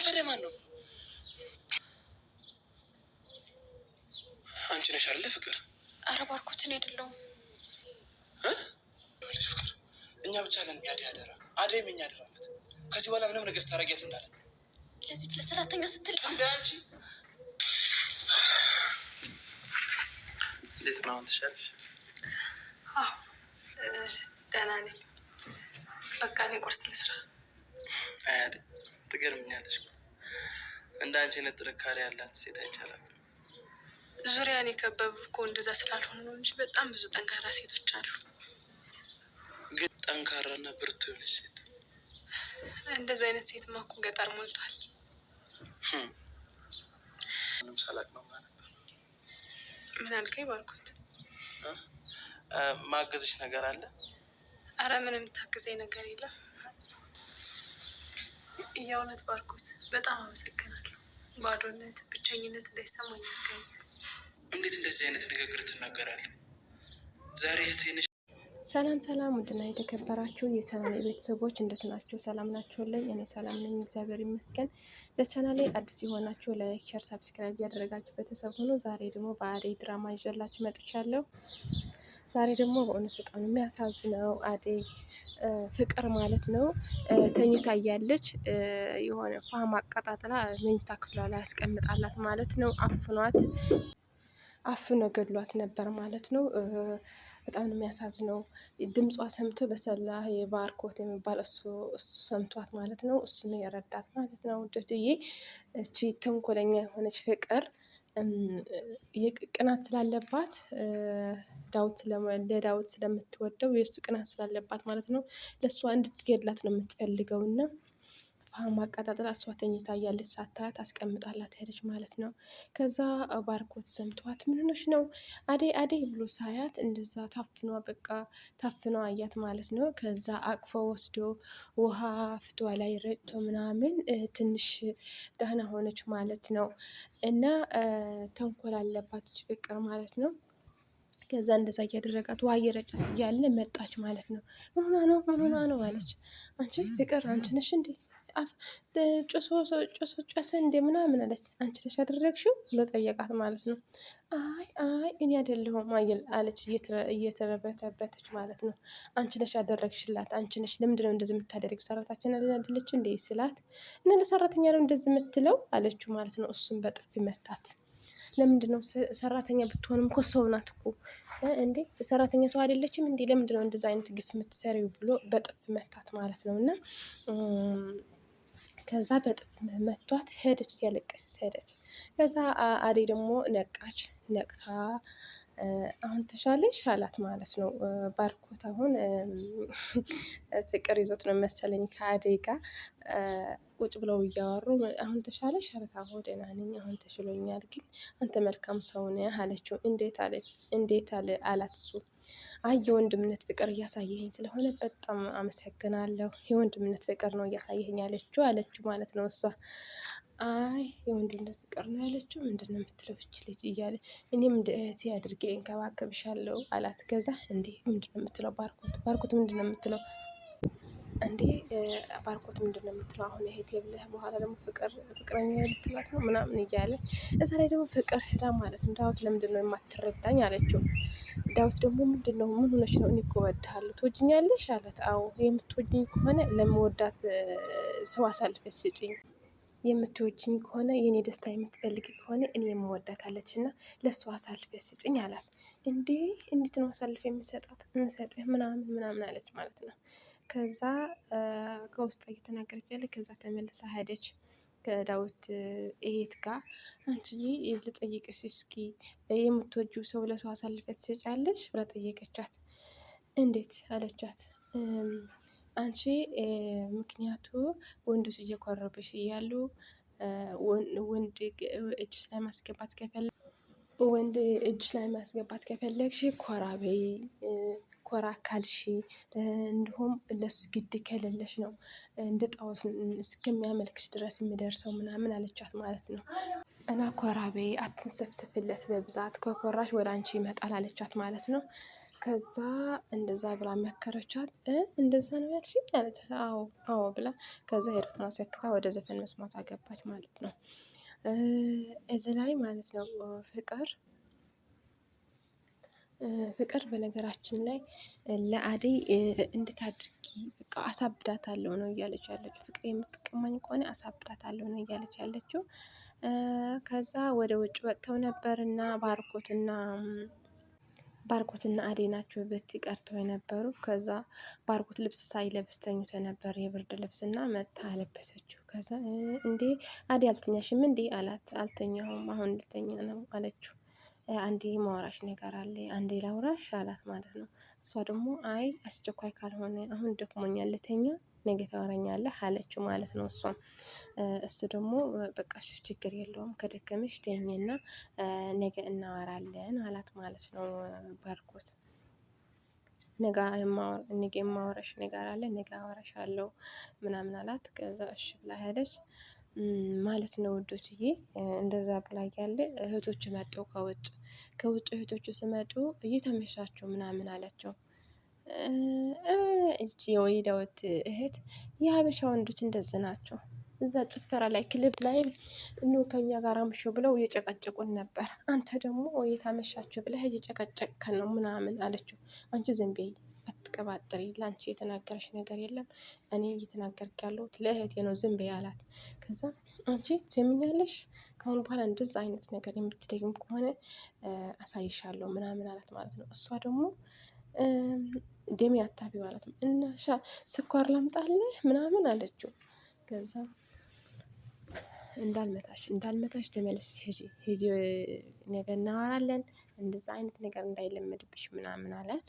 የደፈረ ማን ነው? አንቺ ነሽ አለ ፍቅር። አረ ባርኮትን አይደለሁም። ልጅ ፍቅር፣ እኛ ብቻ ለን የአደይ አደራ፣ አደይም የኛ አደራ ናት። ከዚህ በኋላ ምንም ነገር ስታረጊያት እንዳለ ለዚህ ለሰራተኛ ስትል እንደ አንቺ እንዴት ነው? ትሻለሽ? ደህና ነኝ። በቃ እኔ ቁርስ ልስራ። አይ አደይ ትገርምኛለች። እንደ አንቺ አይነት ጥንካሬ ያላት ሴት አይቻላል። ዙሪያን የከበቡ እኮ እንደዛ ስላልሆነ ነው እንጂ በጣም ብዙ ጠንካራ ሴቶች አሉ። ግን ጠንካራና ብርቱ የሆነች ሴት እንደዚህ አይነት ሴት ማኮ ገጠር ሞልቷል። hm። ሳላቅ ነው ማለት ምን አልከኝ? ባልኩት ማገዝሽ ነገር አለ። አረ ምንም ታግዘኝ ነገር የለም። የእውነት ባርኩት፣ በጣም አመሰግናለሁ። ባዶነት፣ ብቸኝነት እንዳይሰማኝ ይገኛል። እንዴት እንደዚህ አይነት ንግግር ትናገራለህ? ዛሬ እህቴነሽ ሰላም ሰላም፣ ውድና የተከበራችሁ የቻናል ቤተሰቦች እንዴት ናችሁ? ሰላም ናችሁልኝ? እኔ ሰላም ነኝ፣ እግዚአብሔር ይመስገን። ለቻናሌ አዲስ የሆናችሁ ላይክ፣ ሸር፣ ሳብስክራይብ ያደረጋችሁ ቤተሰብ ሆኖ ዛሬ ደግሞ በአደይ ድራማ ይዤላችሁ መጥቻለሁ። ዛሬ ደግሞ በእውነት በጣም ነው የሚያሳዝነው። አደይ ፍቅር ማለት ነው ተኝታ እያለች የሆነ ፋም አቀጣጥላ መኝታ ክፍሏ ላይ ያስቀምጣላት ማለት ነው። አፍኗት አፍኖ ገድሏት ነበር ማለት ነው። በጣም ነው የሚያሳዝነው። ድምጿ ሰምቶ በሰላ የባርኮት የሚባል እሱ ሰምቷት ማለት ነው። እሱ ነው የረዳት ማለት ነው። ውድትዬ እቺ ተንኮለኛ የሆነች ፍቅር ቅናት ስላለባት ዳዊት ለዳዊት ስለምትወደው የእሱ ቅናት ስላለባት ማለት ነው ለእሷ እንድትገድላት ነው የምትፈልገው እና ፋም ማቀጣጠል አስዋተኝታ እያለች ሳታያት አስቀምጣላት ሄደች ማለት ነው። ከዛ ባርኮት ሰምቷት ምን ሆነሽ ነው አዴ አዴ ብሎ ሳያት እንደዛ ታፍኗ በቃ ታፍኗ አያት ማለት ነው። ከዛ አቅፎ ወስዶ ውሃ ፍቷ ላይ ረጭቶ ምናምን ትንሽ ደህና ሆነች ማለት ነው። እና ተንኮል አለባት ፍቅር ማለት ነው። ከዛ እንደዛ እያደረጋት ውሃ እየረጫት እያለ መጣች ማለት ነው። ምን ሆና ነው ምን ሆና ነው አለች። አንቺ ፍቅር አንቺ ነሽ እንዴ ጭሶ ጭሶ ጨሰ እንደ ምናምን አለች። አንቺ ነሽ ያደረግሽው ብሎ ጠየቃት ማለት ነው። አይ አይ እኔ አይደለሁም አለች እየተረበተበተች ማለት ነው። አንቺ ነሽ ያደረግሽላት፣ አንቺ ነሽ ለምንድን ነው እንደዚህ የምታደርጊው? ሰራተኛ አይደለች እንዴ ስላት እና ለሰራተኛ ነው እንደዚህ የምትለው አለችው ማለት ነው። እሱም በጥፊ መታት። ለምንድን ነው ሰራተኛ ብትሆንም እኮ ሰው ናት እኮ እንዴ ሰራተኛ ሰው አይደለችም እንዴ? ለምንድን ነው እንደዚ አይነት ግፍ የምትሰሪው? ብሎ በጥፍ መታት ማለት ነው እና ከዛ በጥፍ መቷት ሄደች፣ እያለቀሰች ሄደች። ከዛ አዴ ደግሞ ነቃች። ነቅታ አሁን ተሻለሽ አላት ማለት ነው። ባርኮት አሁን ፍቅር ይዞት ነው መሰለኝ ከአዴ ጋር ቁጭ ብለው እያወሩ አሁን ተሻለሽ አላት። አዎ ደህና ነኝ፣ አሁን ተሽሎኛል፣ ግን አንተ መልካም ሰው ነህ አለችው። እንዴት አለ አላት እሱ አይ የወንድምነት ፍቅር እያሳየኝ ስለሆነ በጣም አመሰግናለሁ፣ የወንድምነት ፍቅር ነው እያሳየኝ ያለችው አለችው ማለት ነው እሷ አይ የወንድምነት ፍቅር ነው ያለችው። ምንድን ነው የምትለው እች ልጅ እያለ እኔም እንደ እህቴ አድርጌ እንከባከብሻለሁ አላት። ገዛ እንዴ ምንድን ነው የምትለው ባርኮት፣ ባርኮት ምንድን ነው የምትለው እንዴ ባርኮት ምንድን ነው የምትለው? አሁን እህቴ ብለህ በኋላ ደግሞ ፍቅር ፍቅረኛ ልትላት ነው ምናምን እያለ እዛ ላይ ደግሞ ፍቅር ህዳ ማለት ነው ዳዊት ለምንድን ነው የማትረዳኝ አለችው። ዳዊት ደግሞ ምንድን ነው ምን ሆነች ነው እኔ እኮ እወድሃለሁ ትወጂኛለሽ አዎ የምትወጂኝ ከሆነ ለመወዳት ሰው አሳልፈሽ ስጪኝ የምትወጂኝ ከሆነ የእኔ ደስታ የምትፈልግ ከሆነ እኔ የምወዳት አለች እና ለእሱ አሳልፍ ስጭኝ አላት። እንዴ እንዴት ነው አሳልፍ የምሰጣት ምንሰጥህ ምናምን ምናምን አለች ማለት ነው ከዛ ከውስጥ እየተናገረች ያለ ከዛ ተመልሳ ሄደች ከዳዊት እህት ጋር አንቺዬ ልጠይቅሽ እስኪ የምትወጂው ሰው ለሰው አሳልፈት ትሰጫለሽ ብላ ጠየቀቻት። እንዴት አለቻት። አንቺ ምክንያቱ ወንዶች እየኮረብሽ እያሉ ወንድ እጅ ላይ ማስገባት ከፈለ ወንድ እጅ ላይ ማስገባት ከፈለግሽ ኮራበይ ኮራ ካልሺ እንዲሁም ለሱ ግድ ከሌለሽ ነው እንደ ጣዖት እስከሚያመልክሽ ድረስ የሚደርሰው ምናምን አለቻት ማለት ነው። እና ኮራቤ አትንሰብስፍለት አትንሰፍሰፍለት በብዛት ከኮራሽ ወደ አንቺ ይመጣል አለቻት ማለት ነው። ከዛ እንደዛ ብላ መከረቻት። እንደዛ ነው ያልሽኝ አለት። አዎ አዎ ብላ ከዛ ሄድፎን ሰክታ ወደ ዘፈን መስማት አገባች ማለት ነው። እዚ ላይ ማለት ነው ፍቅር ፍቅር በነገራችን ላይ ለአደይ እንድታድርጊ አድርጊ በቃ አሳብዳታለሁ ነው እያለች ያለችው። ፍቅር የምትቀማኝ ከሆነ አሳብዳታለሁ ነው እያለች ያለችው። ከዛ ወደ ውጭ ወጥተው ነበር እና ባርኮትና ባርኮትና አደይ ናቸው ቤት ቀርተው የነበሩ። ከዛ ባርኮት ልብስ ሳይለብስ ተኝቶ ነበር የብርድ ልብስ እና መታ አለበሰችው። ከዛ እንዴ አደይ አልተኛሽም እንዴ አላት። አልተኛሁም አሁን ልተኛ ነው አለችው። አንዴ ማውራሽ ነገር አለ አንዴ ላውራሽ አላት ማለት ነው። እሷ ደግሞ አይ አስቸኳይ ካልሆነ አሁን ደክሞኛል ልተኛ ነገ ታወራኛለህ አለችው ማለት ነው። እሷም እሱ ደግሞ በቃሽ ችግር የለውም ከደከመሽ ተኝና ነገ እናወራለን አላት ማለት ነው። ባርኮት ነገ የማወራሽ ነገር አለ ነገ አለው ምናምን አላት። ከዛ እሽ ብላ ሄደች ማለት ነው። ውዶችዬ እንደዛ ብላ ያለ እህቶች መጠው ከውጭ ከውጭ እህቶቹ ስመጡ እየተመሻችሁ ምናምን አላቸው። እጅ የወይዳውት እህት የሀበሻ ወንዶች እንደዚህ ናቸው። እዛ ጭፈራ ላይ ክልብ ላይ እኖ ከኛ ጋር አምሹ ብለው እየጨቀጨቁን ነበር። አንተ ደግሞ ወይ ብለህ እየጨቀጨቅከን ነው ምናምን አለችው። አንቺ ዝም በይ አትቀባጥሪ፣ ላንቺ የተናገረሽ ነገር የለም። እኔ እየተናገርክ ያለሁት ለእህቴ ነው፣ ዝም በይ አላት። ከዛ አንቺ ትሰሚኛለሽ፣ ከአሁን በኋላ እንደዛ አይነት ነገር የምትደግም ከሆነ አሳይሻለሁ ምናምን አላት ማለት ነው። እሷ ደግሞ ደሜ አታቢ ማለት ነው። እና ስኳር ላምጣልህ ምናምን አለችው። ከዛ እንዳልመታሽ እንዳልመታሽ ተመለስሽ ሂጂ፣ ነገ እናወራለን፣ እንደዛ አይነት ነገር እንዳይለመድብሽ ምናምን አላት።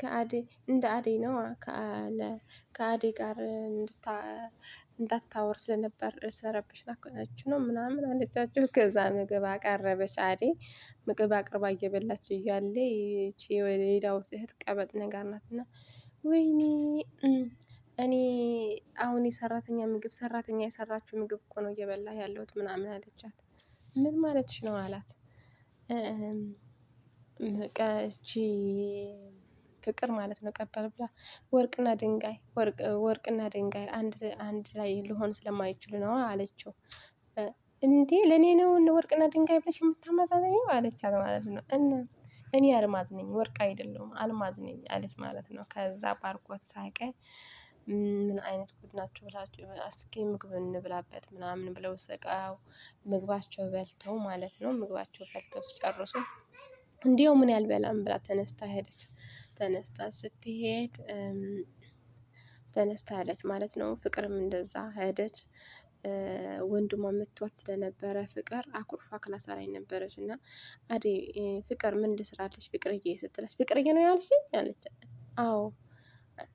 ከአደይ እንደ አዴ ነው ከአዴ ጋር እንዳታወር ስለነበር ስለረበሽናችሁ ነው ምናምን አለቻቸው። ከዛ ምግብ አቀረበች አዴ ምግብ አቅርባ እየበላች እያለ ይቺ እህት ቀበጥ ነገር ናትና ወይኔ እኔ አሁን የሰራተኛ ምግብ ሰራተኛ የሰራችው ምግብ እኮ ነው እየበላ ያለሁት ምናምን አለቻት። ምን ማለትሽ ነው አላት። ቀቺ ፍቅር ማለት ነው ቀበል ብላ ወርቅና ድንጋይ ወርቅና ድንጋይ አንድ ላይ ሊሆን ስለማይችሉ ነው አለችው። እንዴ ለእኔ ነው ወርቅና ድንጋይ ብለሽ የምታመዛዘኘው አለቻት ማለት ነው። እኔ አልማዝ ነኝ ወርቅ አይደለሁም አልማዝ ነኝ አለች ማለት ነው። ከዛ ባርኮት ሳቀ። ምን አይነት ጉድ ናቸው ብላችሁ እስኪ ምግብ እንብላበት ምናምን ብለው ሰቃው ምግባቸው በልተው ማለት ነው ምግባቸው በልተው ሲጨርሱ እንዲያው ምን ያልበላም ብላ ተነስታ ሄደች። ተነስታ ስትሄድ ተነስታ ሄደች ማለት ነው። ፍቅርም እንደዛ ሄደች። ወንድሟ መቷት ስለነበረ ፍቅር አኩርፋ ክላስ ላይ ነበረች እና አዴ ፍቅር ምን ልስራለች ፍቅርዬ ስትለች ፍቅርዬ ነው ያልሽኝ አለች። አዎ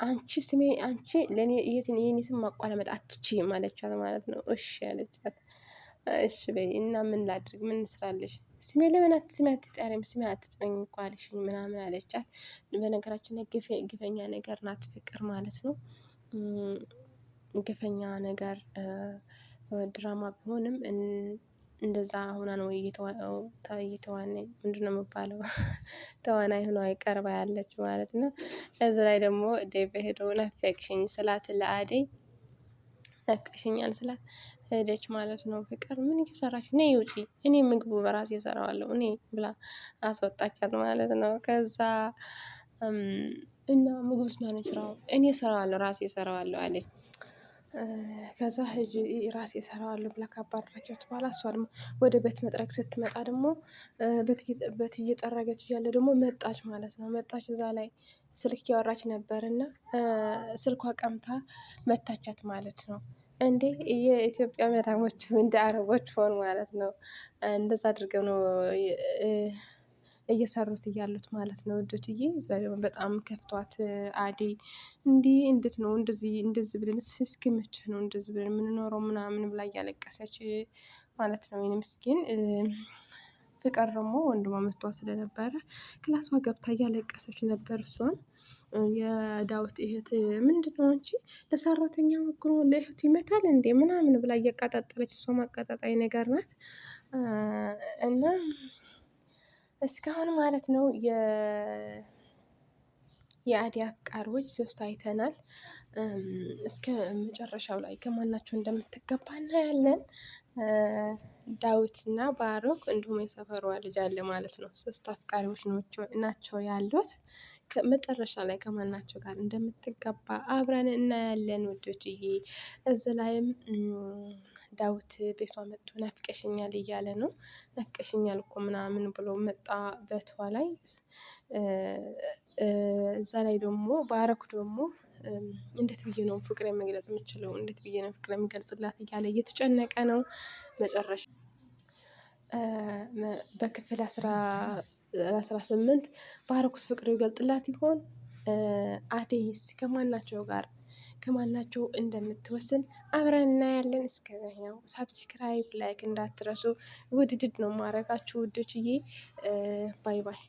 አንቺ ስሜ አንቺ ለእኔ የኔ ስም ማቋላመጥ አትችይም አለቻት ማለት ነው። እሺ አለቻት። እሺ በይ እና ምን ላድርግ ምን ስራለሽ? ስሜ ለምን ስሜ አትጠሪም ስሜ አትጥረኝ እኮ አልሽኝ ምናምን አለቻት። በነገራችን ግፈኛ ነገር ናት ፍቅር ማለት ነው። ግፈኛ ነገር ድራማ ቢሆንም እንደዛ ሆና ነው እየተዋናይ ነው የሚባለው ተዋናይ ሆኖ ይቀርባ ያለች ማለት ነው። እዚህ ላይ ደግሞ ደበሄደውን አፌክሽኝ ስላት ለአደይ ናፍቀሽኛል ስላት ሄደች ማለት ነው። ፍቅር ምን እየሰራች ነይ ውጪ፣ እኔ ምግቡ በራሴ እሰራዋለሁ እኔ ብላ አስወጣቻት ማለት ነው። ከዛ እና ምግብ ስማን ስራው እኔ እሰራዋለሁ ራሴ እሰራዋለሁ አለች። ከዛ ህጅ ራሴ እሰራዋለሁ ብላ ካባረረቻት በኋላ እሷ ደግሞ ወደ ቤት መጥረግ ስትመጣ ደግሞ ቤት እየጠረገች እያለ ደግሞ መጣች ማለት ነው። መጣች እዛ ላይ ስልክ እያወራች ነበር እና ስልኳ ቀምታ መታቻት ማለት ነው። እንዴ የኢትዮጵያ መዳሞች እንደ አረቦች ሆን ማለት ነው። እንደዛ አድርገው ነው እየሰሩት እያሉት ማለት ነው። ውዶች ወዶችዬ በጣም ከፍቷት አዴ እንዲህ እንዴት ነው እንደዚህ እንደዚህ ብለን እስኪ መቼ ነው እንደዚህ ብለን የምንኖረው ምናምን ብላ እያለቀሰች ማለት ነው። ወይም ምስኪን ፍቅር ደግሞ ወንድሟ መቷ ስለነበረ ክላሷ ገብታ እያለቀሰች ነበር። እሷን የዳዊት እህት ምንድነው አንቺ ለሰራተኛ መግኖ ለእህቱ ይመታል እንዴ ምናምን ብላ እያቃጣጠለች፣ እሷ ማቃጣጣይ ነገር ናት እና እስካሁን ማለት ነው የአዲ አፍቃሪዎች ሶስት አይተናል። እስከ መጨረሻው ላይ ከማናቸው እንደምትገባ እናያለን። ዳዊት እና ባሮክ እንዲሁም የሰፈሯ ልጅ አለ ማለት ነው። ሶስት አፍቃሪዎች ናቸው ያሉት። መጨረሻ ላይ ከማናቸው ጋር እንደምትገባ አብረን እናያለን ዬ እዚ ላይም ዳዊት ቤቷ መጥቶ ናፍቀሽኛል እያለ ነው። ናፍቀሽኛል እኮ ምናምን ብሎ መጣ በቷ ላይ። እዛ ላይ ደግሞ ባረኩ ደግሞ እንዴት ብዬ ነው ፍቅር መግለጽ የምችለው? እንዴት ብዬ ነው ፍቅር የሚገልጽላት? እያለ እየተጨነቀ ነው። መጨረሻ በክፍል አስራ ስምንት ባርኮስ ፍቅር ይገልጥላት ይሆን? አደይስ ከማናቸው ጋር ከማናቸው እንደምትወስን አብረን እናያለን። እስከዚያው ሳብስክራይብ፣ ላይክ እንዳትረሱ። ውድድድ ነው ማድረጋችሁ ውዶችዬ። ባይ ባይ